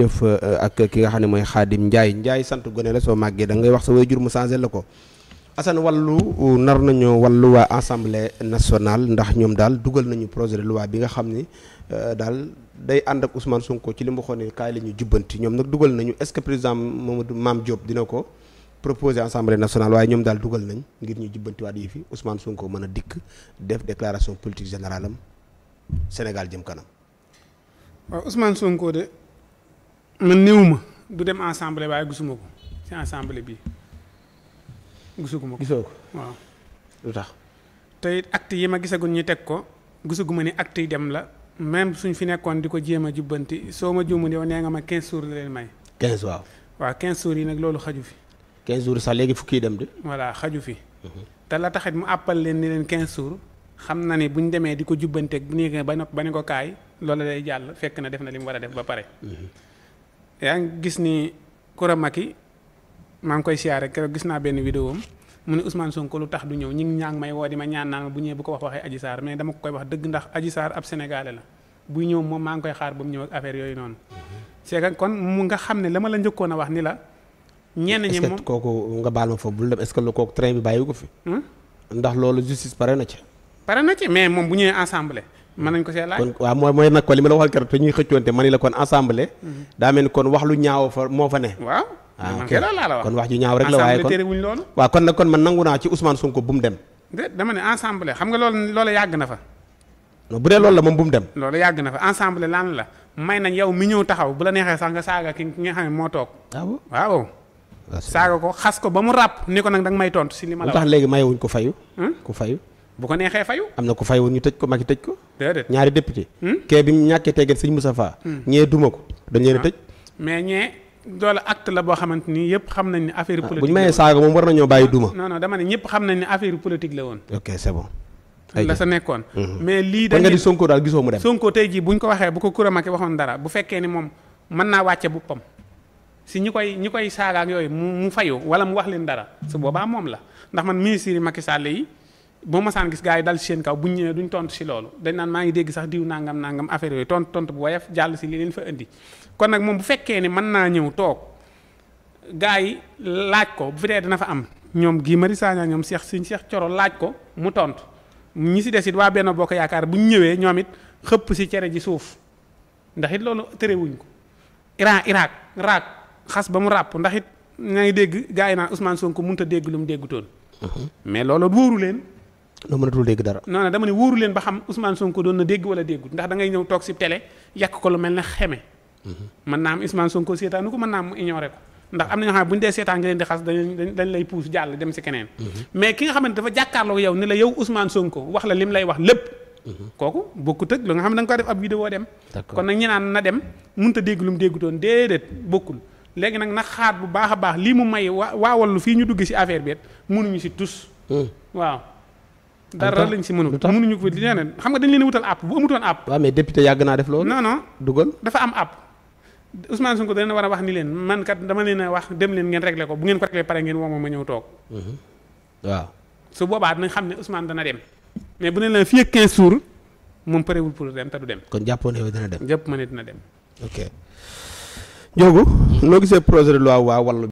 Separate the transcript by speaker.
Speaker 1: jëf eh, ak ki nga xam ne mooy xaadim Njaay Njaay sant gone la soo màggee da ngay wax sa waajur mu changé la ko Assane wàllu uh, nar nañoo wàllu waa assemblée national ndax ñoom daal dugal nañu projet de bi nga xam ni eh, daal day ànd ak Ousmane Sonko ci li mu waxoon ne la ñu jubbanti ñoom nag dugal nañu est-ce que président maam Mame Diop dina ko proposé assemblée national waaye ñoom daal dugal nañ ngir ñu jubbantiwaat yi fi Ousmane sunko mën a dikk def déclaration politique générale Sénégal jëm kanam.
Speaker 2: waaw Ousmane Sonko de. man néew ma du dem ensemble waaye gisuma ko ci ensemble bii gisuguma ko gisoo ko waaw lu tax te it acte yi ma gisagul ñu teg ko gisuguma ni acte yi dem la même suñ fi nekkoon di ko jéem a jubbanti soo ma juumul yow nee nga ma 15 jours la leen may. 15 waaw. waaw 15 jours yi nag loolu xaju fi.
Speaker 1: 15 jours sax léegi fukki dem de.
Speaker 2: voilà xaju fi. Mhm. te la taxit mu àppal leen ni leen 15 jours xam na ni bu ñu demee di ko jubbanteeg bu ñu ba ba ne ko kaay loola day jàll fekk na def na li war a def ba pare. Mhm. yaa ngi gis ni Koura Macky maa ngi koy siyaare keroog gis naa benn vidéo am mu ne Ousmane Sonko lu tax du ñëw ñi ngi ñaa may woo di ma ñaan naan bu ñëwee bu ko wax waxee Adji Sarr mais dama ko koy wax dëgg ndax Adji Sarr ab sénégalais la buy ñëw moom maa ngi koy xaar ba mu ñëw ak affaire yooyu noonu c'est kon mu nga xam ne la ma la njëkkoon a wax ni la ñenn ñi moom est
Speaker 1: kooku nga baal ma foofu bul dem est-ce que lu kooku train bi bàyyi ko fi hmm? ndax loolu justice pare na ci
Speaker 2: pare na mais moom bu ñëwee ensemble mën nañ ko see laaj kon
Speaker 1: waaw mooy mooy nag ko li ma la waxal keroog te ñuy xëccoonte ma ni la kon assemblée. Mhm. daa ni kon wax lu ñaaw fa moo fa ne. waaw ah, la wax kon wax ju ñaaw rek la waaye kon assemblée terewuñ loolu. waaw kon nag kon man nangu naa ci Ousmane ko bu mu dem.
Speaker 2: de dama ne assemblée xam nga lool loolu yàgg na fa.
Speaker 1: bu dee lool la moom bu mu dem.
Speaker 2: loolu yàgg na fa assemblée lan la may nañ yow mi ñëw taxaw bu la neexee sax nga saaga ki nga xam ne moo toog. Ah, waaw ah, saaga ko xas ko ba mu ràpp ni ko nag danga may tontu si li ma la wax. lu tax léegi
Speaker 1: mayewuñ ko fayu. Hmm? ko fayu
Speaker 2: bu ko neexee fayu
Speaker 1: am na ko fay woon ñu tëj ko Macky tëj ko déedéet ñaari député hmm? kee bi mu ñàkkee teggeel sëñ Moustapha hmm. ñee duma ko dañ leen a ah. tëj
Speaker 2: mais ñee doole acte la boo xamante ni yëpp xam nañ ni affaire ah, politique bu ñu mayee
Speaker 1: saaga moom war nañoo bàyyi duma non
Speaker 2: non dama ne ñëpp xam nañ ne affaire politique la woon ok c'est la sa nekkoon
Speaker 1: mhm. mais lii dañ nga di Sonko daal gisoo mu dem Sonko
Speaker 2: tey jii ñu ko waxee bu ko Coura Macky waxoon dara bu fekkee ni moom mën naa wàcce boppam si ñi koy ñi koy saagaak yooyu mu fayu wala mu wax leen dara su boobaa moom la ndax man ministre yi Macky Sall boo masaan gis gars yi dal ci seen kaw bu ñu ñëwee duñ tont ci loolu dañ naan maa ngi dégg sax diw nangam nangam affaire yooyu tontu tontu bu woyof jàll ci li leen fa indi kon nag moom bu fekkee ne mën naa ñëw toog gars yi laaj ko bu fi dee dina fa am ñoom Guy Marius Sagna ñoom Cheikh Serigne Cheikh Thioro laaj ko mu tontu ñi si des it waa benn Bokk Yaakaar bu ñu ñëwee ñoom it xëpp si cere ji suuf ndax it loolu terewuñ ko Iran Irak raak xas ba mu ràpp ndax it ñaa ngi dégg gars yi naan Ousmane Sonko mënut a dégg lu mu déggutoon
Speaker 1: mhm. noo mënatul dégg dara
Speaker 2: non non dama ne wóoru leen ba xam Ousmane Sonko doon na dégg wala déggul ndax da ngay ñëw toog si télé yàq ko lu mel ne xeme man mhm. naa am Ousmane Sonko seetaanu ko mën naa am mu ignoré ko ndax am na ñoo xam ne seetaan nga leen di dañ dañ lay puus jàll dem si keneen mhm. mais ki nga xamante dafa jàkkaarloo yow ni la yow Ousmane Sonko wax la lim lay wax lépp mhm. kooku bokkut ak lu nga xam ne da nga ko def ab vidéo dem kon nag ñi na dem mënut a dégg lu mu déggutoon déedéet bokkul léegi nag na xaat bu baax a baax lii mu may waa waawallu fii ñu dugg si affaire bi et mënuñu si tus hmm. waaw dara lañ si mënul mënuñu ko leneen xam nga dañ leen wutal app bu amutoon app waaw mais député yàgg naa def loolu non non dugal dafa am app Ousmane Sonko dana war wax ni leen man kat dama leen a wax dem leen ngeen réglé ko bu ngeen ko réglé pare ngeen woo ma ñëw toog mhm. waaw su boobaa dinañ xam ne Ousmane dana dem mais bu ne la fii ak 15 jours moom parewul pour dem te du dem kon
Speaker 1: jàppoon yow dina dem
Speaker 2: jàpp ma ne dina dem
Speaker 1: ok Ndiogou noo